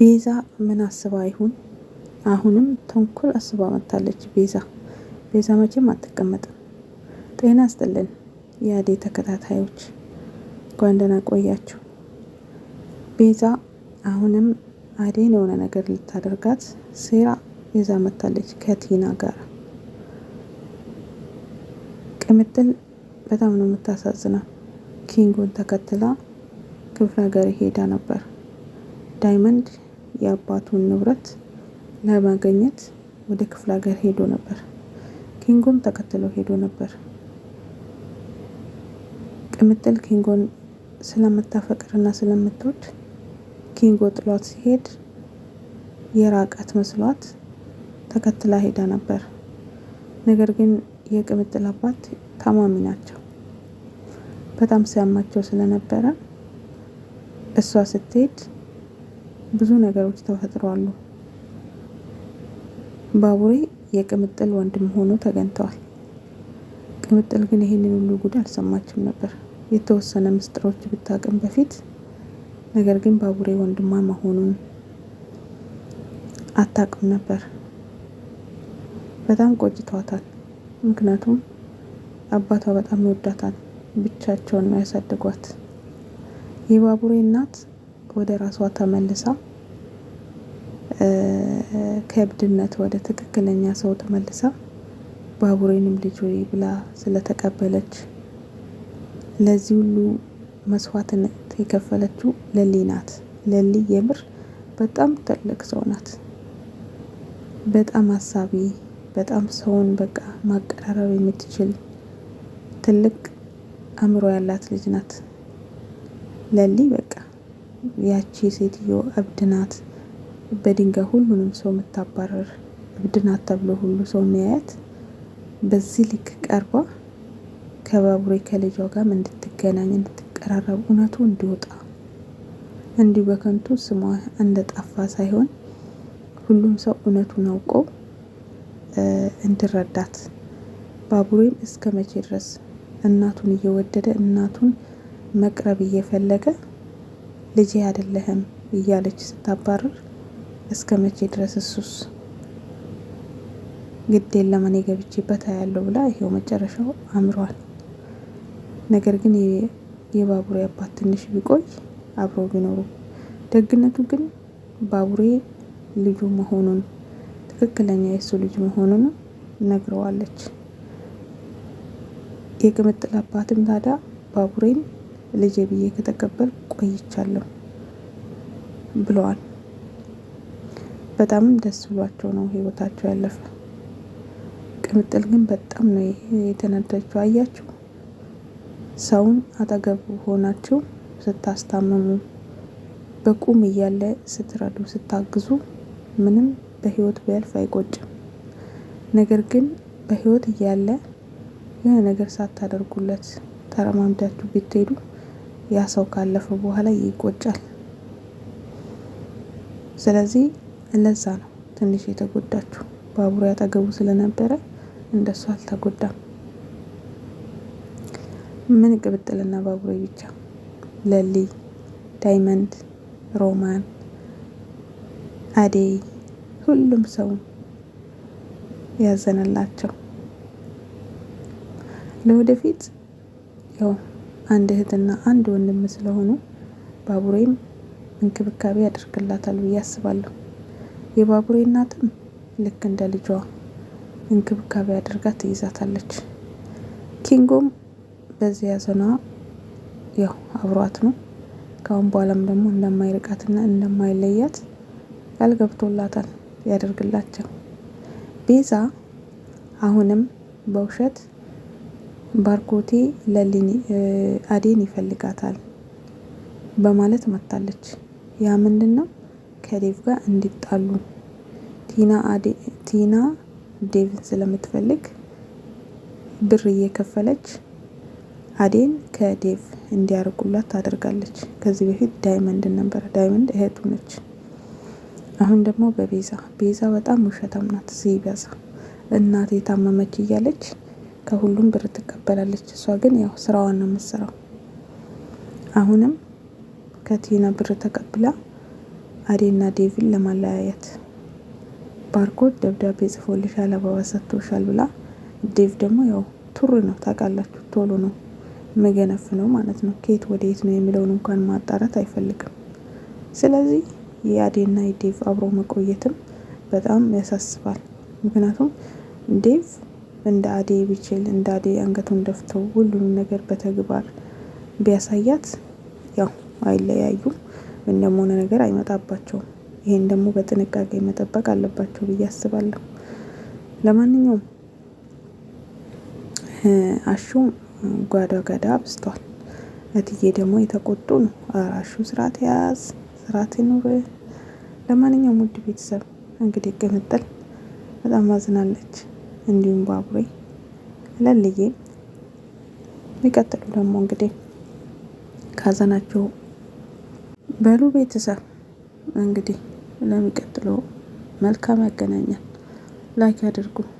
ቤዛ ምን አስባ ይሁን? አሁንም ተንኮል አስባ መታለች ቤዛ ቤዛ መቼም አትቀመጥም። ጤና ይስጥልን የአዴ ተከታታዮች እንኳን ደህና ቆያችሁ። ቤዛ አሁንም አዴን የሆነ ነገር ልታደርጋት ሴራ ይዛ መታለች ከቲና ጋር። ቅምጥል በጣም ነው የምታሳዝነው። ኪንጉን ተከትላ ክፍለ ሀገር ሄዳ ነበር ዳይመንድ የአባቱን ንብረት ለማገኘት ወደ ክፍለ ሀገር ሄዶ ነበር። ኪንጎም ተከትሎ ሄዶ ነበር። ቅምጥል ኪንጎን ስለምታፈቅርና ስለምትወድ ኪንጎ ጥሏት ሲሄድ የራቀት መስሏት ተከትላ ሄዳ ነበር። ነገር ግን የቅምጥል አባት ታማሚ ናቸው። በጣም ሲያማቸው ስለነበረ እሷ ስትሄድ ብዙ ነገሮች ተፈጥረዋል። ባቡሬ የቅምጥል ወንድም ሆኖ ተገኝተዋል። ቅምጥል ግን ይህንን ሁሉ ጉድ አልሰማችም ነበር። የተወሰነ ምስጢሮች ብታቅም በፊት ነገር ግን ባቡሬ ወንድሟ መሆኑን አታቅም ነበር። በጣም ቆጭቷታል። ምክንያቱም አባቷ በጣም ይወዳታል። ብቻቸውን ነው ያሳደጓት። የባቡሬ እናት ወደ ራሷ ተመልሳ ከእብድነት ወደ ትክክለኛ ሰው ተመልሳ ባቡሬንም ልጅ ወይ ብላ ስለተቀበለች ለዚህ ሁሉ መስዋዕትነት የከፈለችው ለሊ ናት። ለሊ የምር በጣም ትልቅ ሰው ናት። በጣም አሳቢ፣ በጣም ሰውን በቃ ማቀራረብ የምትችል ትልቅ አእምሮ ያላት ልጅ ናት። ለሊ በ ያቺ ሴትዮ እብድ ናት፣ በድንጋይ ሁሉንም ሰው የምታባረር እብድ ናት ተብሎ ሁሉ ሰው የሚያያት በዚህ ልክ ቀርባ ከባቡሬ ከልጇ ጋር እንድትገናኝ እንድትቀራረብ እውነቱ እንዲወጣ እንዲሁ በከንቱ ስሟ እንደጣፋ ሳይሆን ሁሉም ሰው እውነቱን አውቆ እንዲረዳት ባቡሬም እስከ መቼ ድረስ እናቱን እየወደደ እናቱን መቅረብ እየፈለገ ልጄ አይደለህም እያለች ስታባርር እስከ መቼ ድረስ እሱስ ግድ የለም እኔ ገብቼበት ብላ ይሄው መጨረሻው አምሯል። ነገር ግን የባቡሬ አባት ትንሽ ቢቆይ አብሮ ቢኖሩ ደግነቱ ግን ባቡሬ ልጁ መሆኑን ትክክለኛ የእሱ ልጅ መሆኑን ነግረዋለች። የቅምጥል አባትም ታዲያ ባቡሬን ልጄ ብዬ ቆይቻለሁ ብለዋል። በጣምም ደስ ብሏቸው ነው ህይወታቸው ያለፈ። ቅምጥል ግን በጣም ነው የተነዳችው። አያችሁ ሰውን አጠገቡ ሆናችሁ ስታስታምሙ፣ በቁም እያለ ስትረዱ፣ ስታግዙ ምንም በህይወት ቢያልፍ አይቆጭም። ነገር ግን በህይወት እያለ የሆነ ነገር ሳታደርጉለት ተረማምዳችሁ ብትሄዱ ያ ሰው ካለፈ በኋላ ይቆጫል። ስለዚህ ለዛ ነው ትንሽ የተጎዳችው ባቡር ያጠገቡ ስለነበረ እንደሱ አልተጎዳም። ምን ቅብጥልና ባቡሬ ብቻ ለሊ፣ ዳይመንድ፣ ሮማን፣ አዴይ ሁሉም ሰው ያዘነላቸው ለወደፊት ያው አንድ እህትና አንድ ወንድም ስለሆኑ ባቡሬም እንክብካቤ ያደርግላታል ብዬ አስባለሁ። የባቡሬ እናትም ልክ እንደ ልጇ እንክብካቤ አድርጋ ትይዛታለች። ኪንጎም በዚህ ያዘኗ ያው አብሯት ነው። ከአሁን በኋላም ደግሞ እንደማይርቃትና እንደማይለያት ቃል ገብቶላታል። ያደርግላቸው። ቤዛ አሁንም በውሸት ባርኮቴ ለሊኒ አዴን ይፈልጋታል በማለት መታለች። ያ ምንድነው? ከዴቭ ጋር እንዲጣሉ ቲና አዴ ቲና ዴቭን ስለምትፈልግ ብር እየከፈለች አዴን ከዴቭ እንዲያርቁላት ታደርጋለች። ከዚህ በፊት ዳይመንድ ነበር። ዳይመንድ እህቱ ነች። አሁን ደግሞ በቤዛ ቤዛ በጣም ውሸታም ናት። ሲበዛ እናቴ ታመመች እያለች ከሁሉም ብር ትቀበላለች። እሷ ግን ያው ስራዋን ነው የምትሰራው። አሁንም ከቲና ብር ተቀብላ አዴና ዴቪን ለማለያየት ባርኮት ደብዳቤ ጽፎልሻል፣ አበባ ሰጥቶሻል ብላ ዴቭ ደግሞ ያው ቱር ነው ታውቃላችሁ፣ ቶሎ ነው መገነፍ ነው ማለት ነው። ከየት ወደ የት ነው የሚለውን እንኳን ማጣራት አይፈልግም። ስለዚህ የአዴና የዴቭ አብሮ መቆየትም በጣም ያሳስባል። ምክንያቱም ዴቭ እንደ አዴ ቢችል እንደ አዴ አንገቱን ደፍተው ሁሉንም ነገር በተግባር ቢያሳያት ያው አይለያዩም ወይም ደግሞ ሆነ ነገር አይመጣባቸውም። ይሄን ደግሞ በጥንቃቄ መጠበቅ አለባቸው ብዬ አስባለሁ። ለማንኛውም አሹ ጓዳ ጋዳ አብዝቷል። እትዬ ደግሞ የተቆጡ ነው። ኧረ አሹ ስርዓት ያዝ፣ ስርዓት ይኑርህ። ለማንኛውም ውድ ቤተሰብ እንግዲህ ቅምጥል በጣም አዝናለች። እንዲሁም ባቡሬ ለልዬ የሚቀጥሉ ደግሞ እንግዲህ ካዘናቸው በሉ ቤተሰብ እንግዲህ ለሚቀጥለው መልካም ያገናኛል። ላይክ አድርጉ።